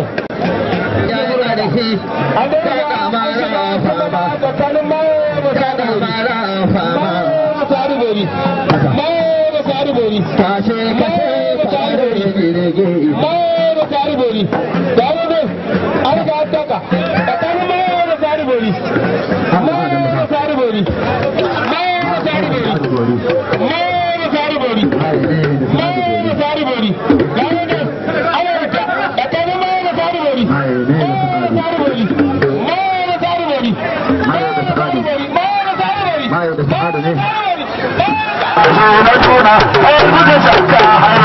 nan Thank you. na juna, ai buga zakka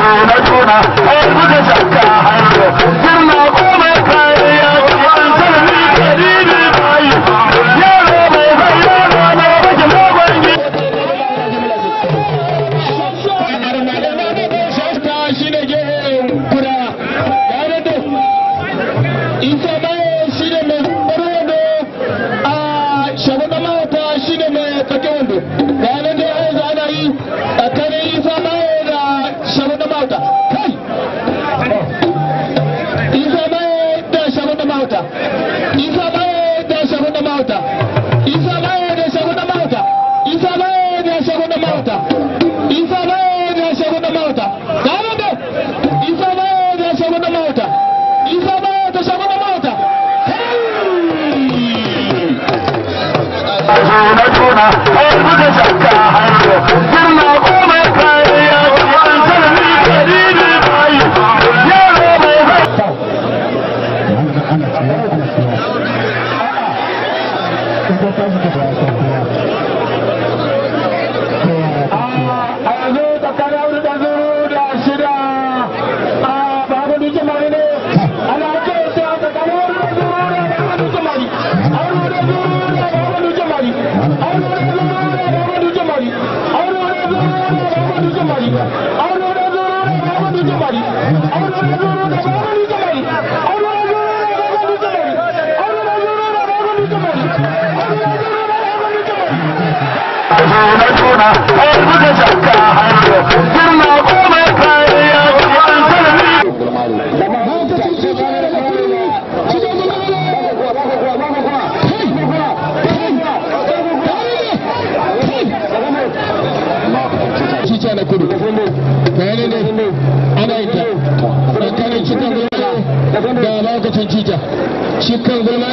no! juna no Hallelujah. shikan gulma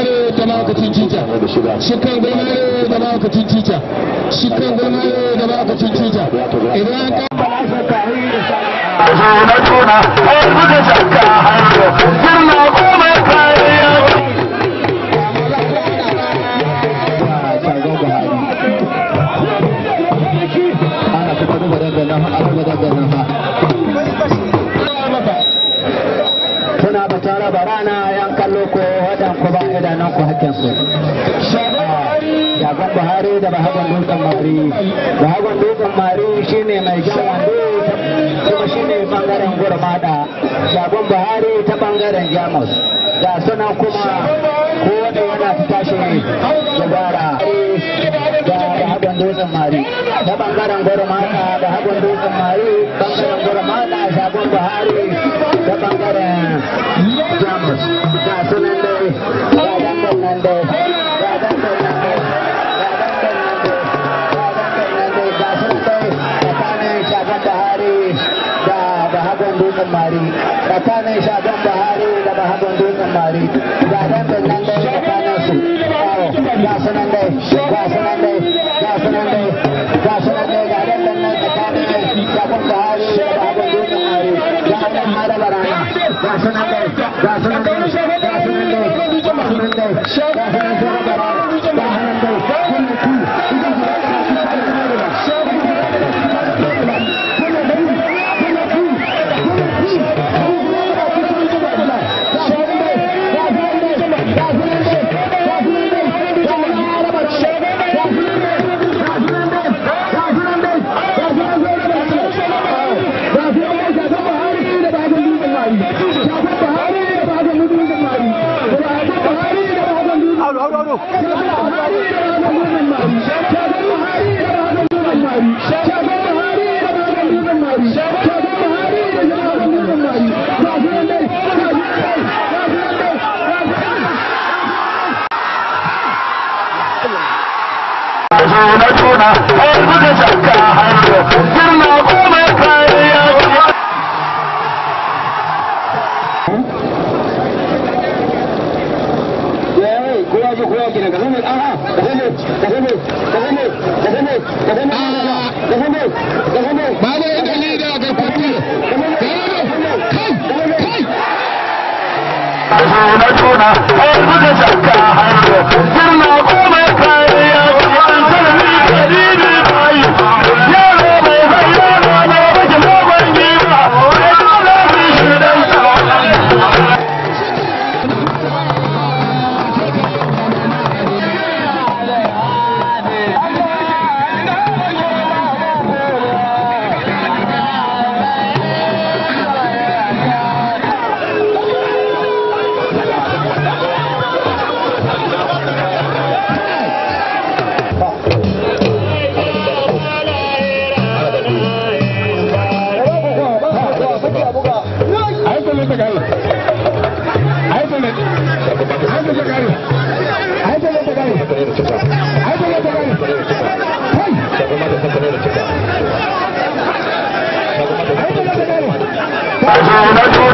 ne da mahaukacin cica shikan gulma ne da mahaukacin cica shikan gulma ne چي چي جا ائين ان کاءي بلا اس طرحي اسا مدد mai jan wando kuma shi ne bangaren gurmada shagon buhari ta bangaren jamus ga suna kuma kowane yana tashi dabara da hagon dutsen mari ta bangaren gurmada da hagon dutsen mari bangaren gurmada shagon buhari ta bangaren jamus ga suna sunan dai ga nan dai Mari. Katana Isha Don Bahari, Labahabon Mari. 我不再想家，听那鼓来拍呀。嗯。哎，过来就过来，进来，进来，啊哈，进来，进来，进来，进来，进来，啊哈，进来，进来，把我也领到这草地，进来，进来，快，快。我不再想家。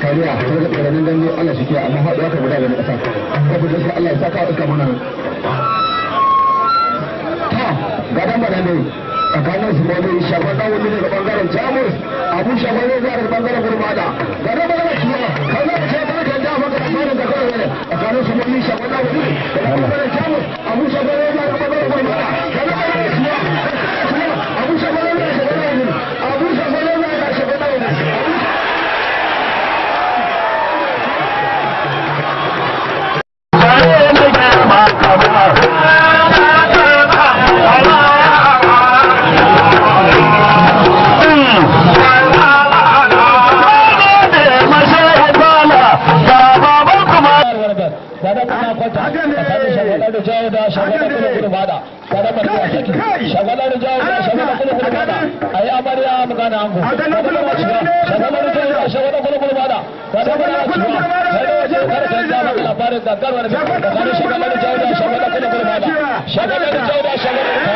kariya ta da karamin dambe Allah shi ke amma haɗuwa ka guda da na ƙasa saboda shi Allah ya saka a mana ta ga dan ne tsakanin su shafa wani daga Jamus abu shafa ne zai daga bangaren Gurmada ga dan bada shi ne kai shafa da da maka tsakanin da kawai ne tsakanin su ne shafa dan wani daga Jamus abu shafa ne zai daga bangaren Gurmada ga dan shi ಅದನ್ನು labarin gaggarwar da shagwada kuma gurmada shagwada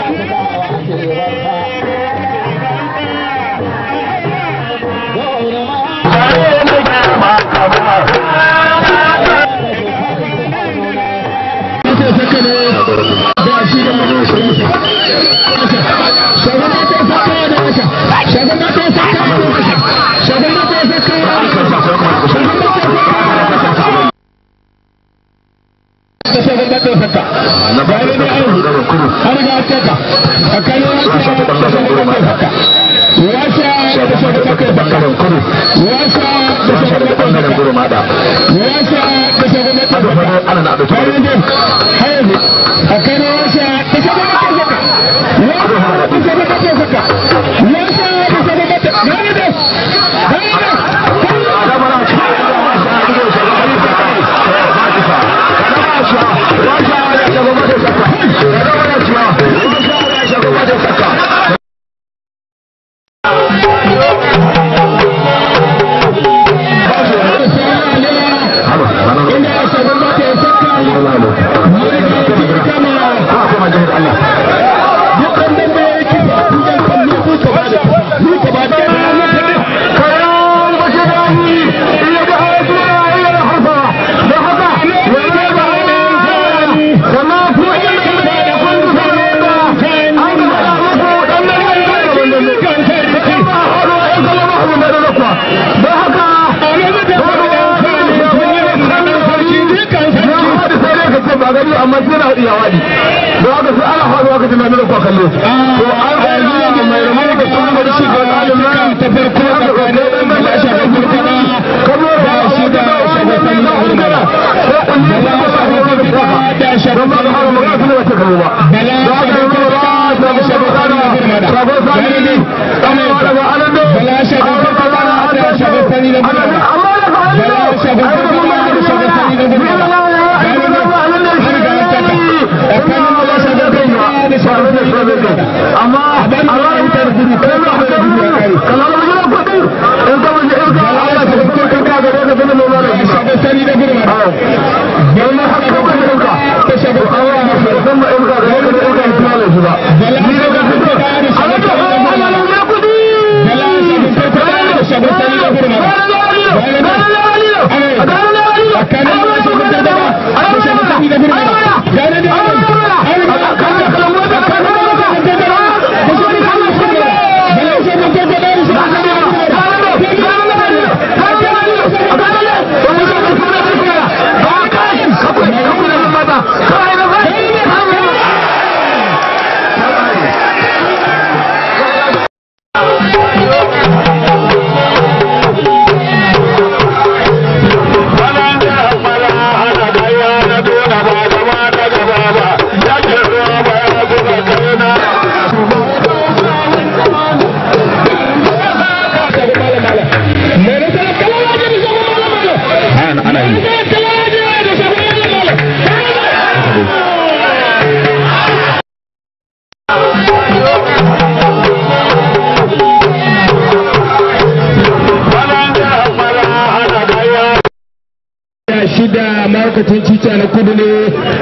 Hallelujah الى وادي بعد سؤال حول وقت ما نلقى خلوه آه. ma'aikatan cuta na kudu ne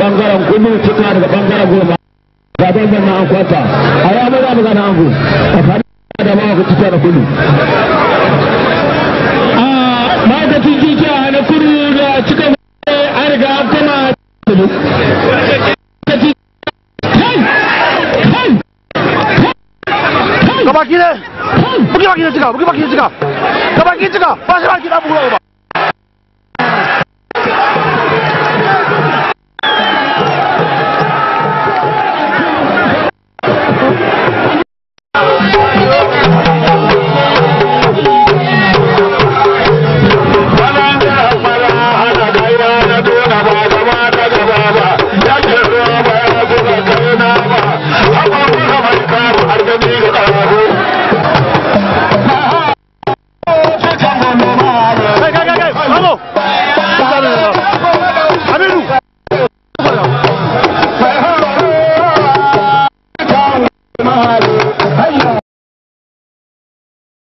bangaren kudu cika d a g bangaren goma ga d a n a n na a kwanta a ya maza mu gana angu a f a d da ma ku cika d kudu a ma'aikacin jijiya na kudu da cika an riga an kama kudu 가바퀴를 무게바퀴를 찍어 무게바퀴를 찍어 가바퀴 찍어 마지막 기다 보고